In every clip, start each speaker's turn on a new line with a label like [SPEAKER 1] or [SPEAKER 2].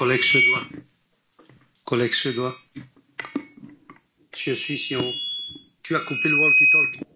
[SPEAKER 1] Coleg suédois. Coleg suédois. Je suis Sion. Tu as coupé le walkie-talkie.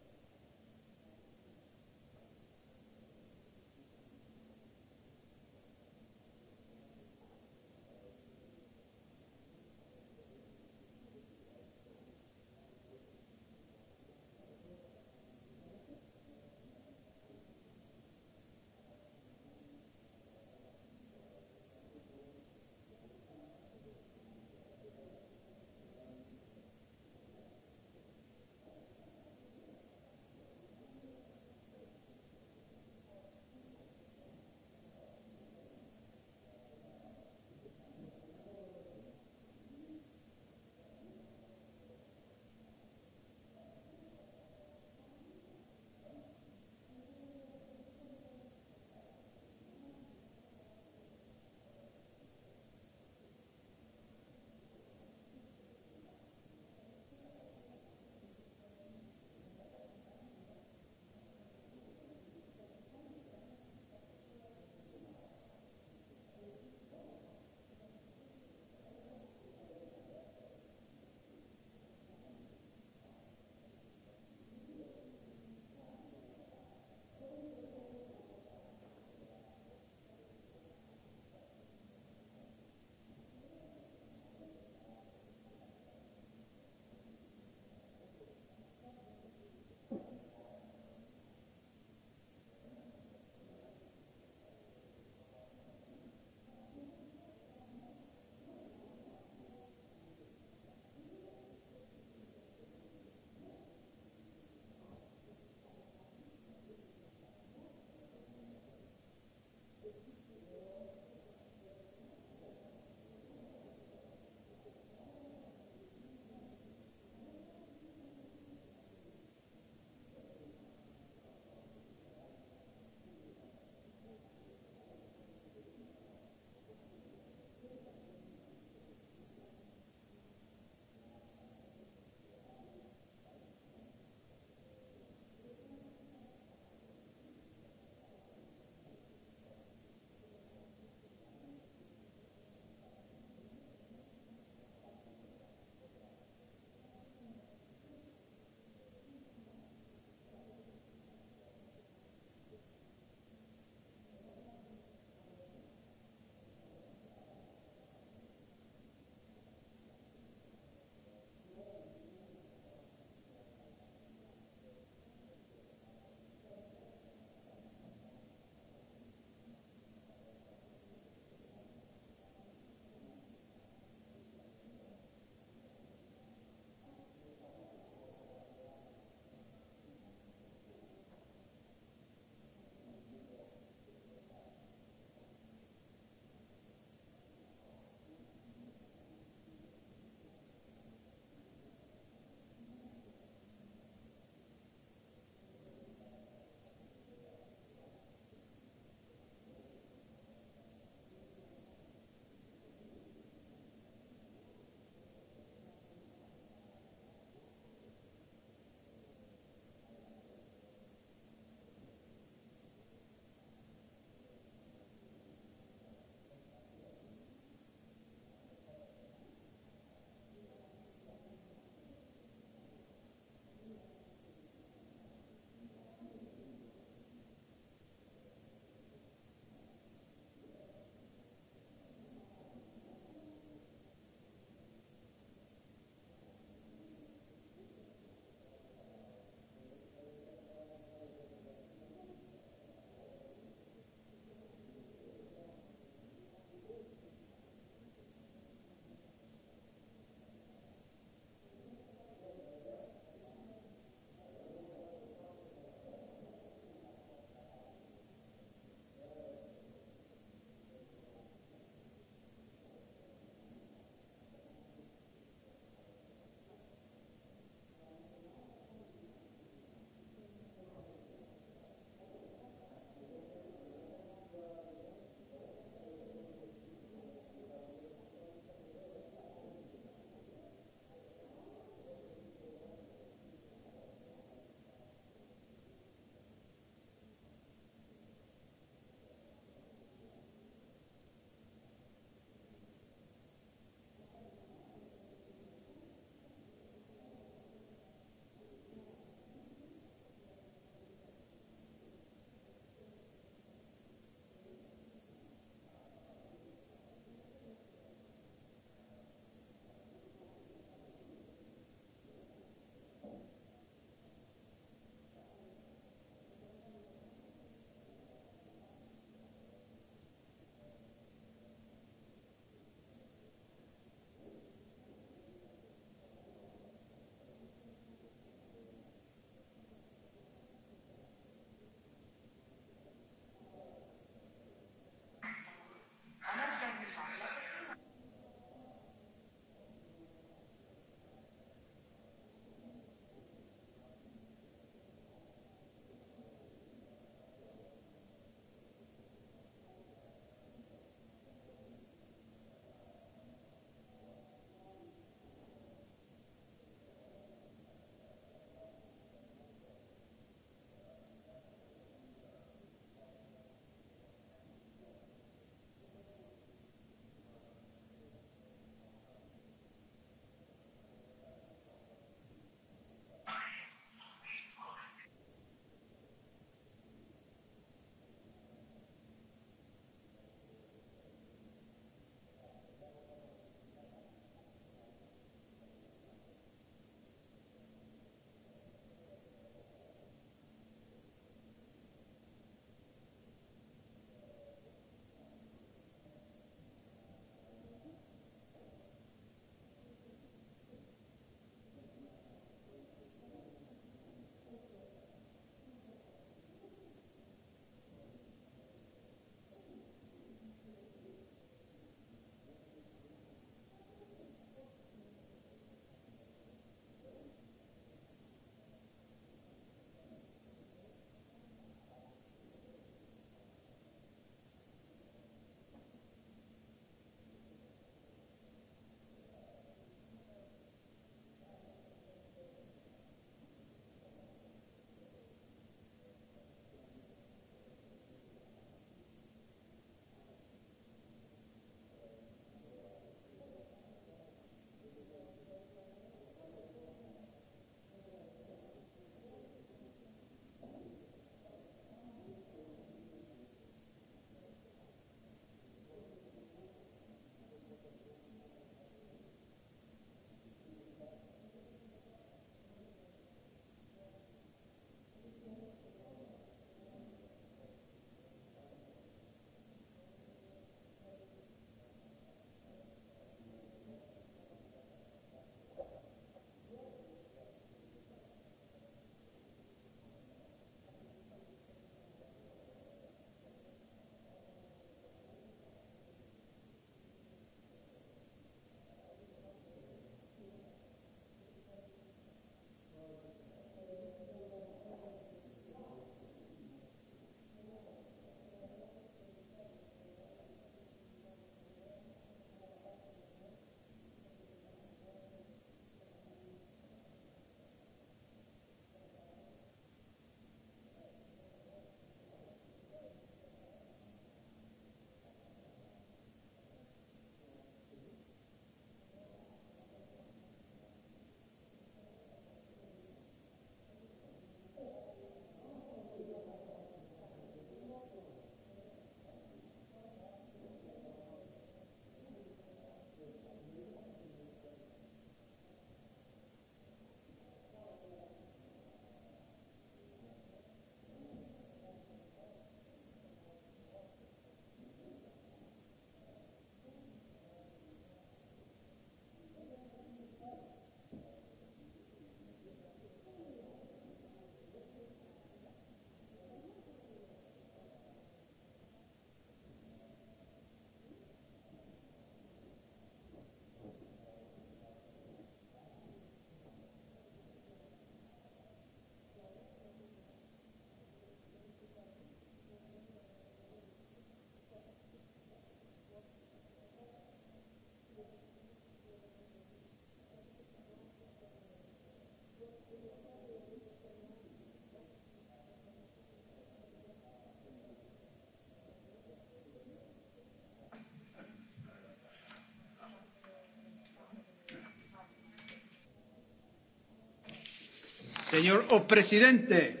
[SPEAKER 1] Señor o presidente.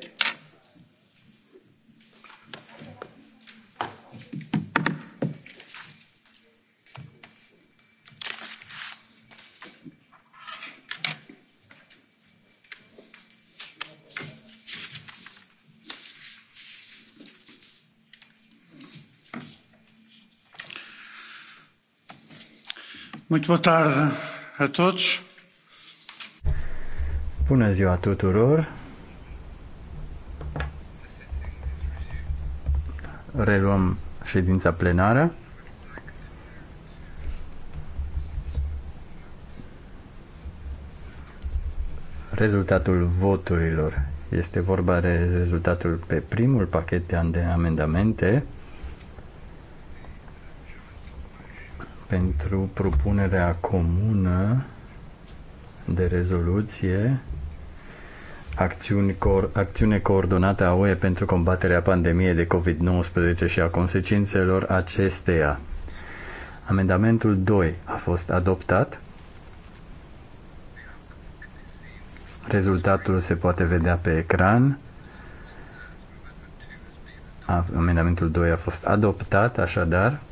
[SPEAKER 1] Muito boa tarde a todos. Bună ziua tuturor! Reluăm ședința plenară. Rezultatul voturilor este vorba de rezultatul pe primul pachet de amendamente pentru propunerea comună de rezoluție acțiuni, cor, acțiune coordonată a UE pentru combaterea pandemiei de COVID-19 și a consecințelor acesteia. Amendamentul 2 a fost adoptat. Rezultatul se poate vedea pe ecran. Amendamentul 2 a fost adoptat, așadar.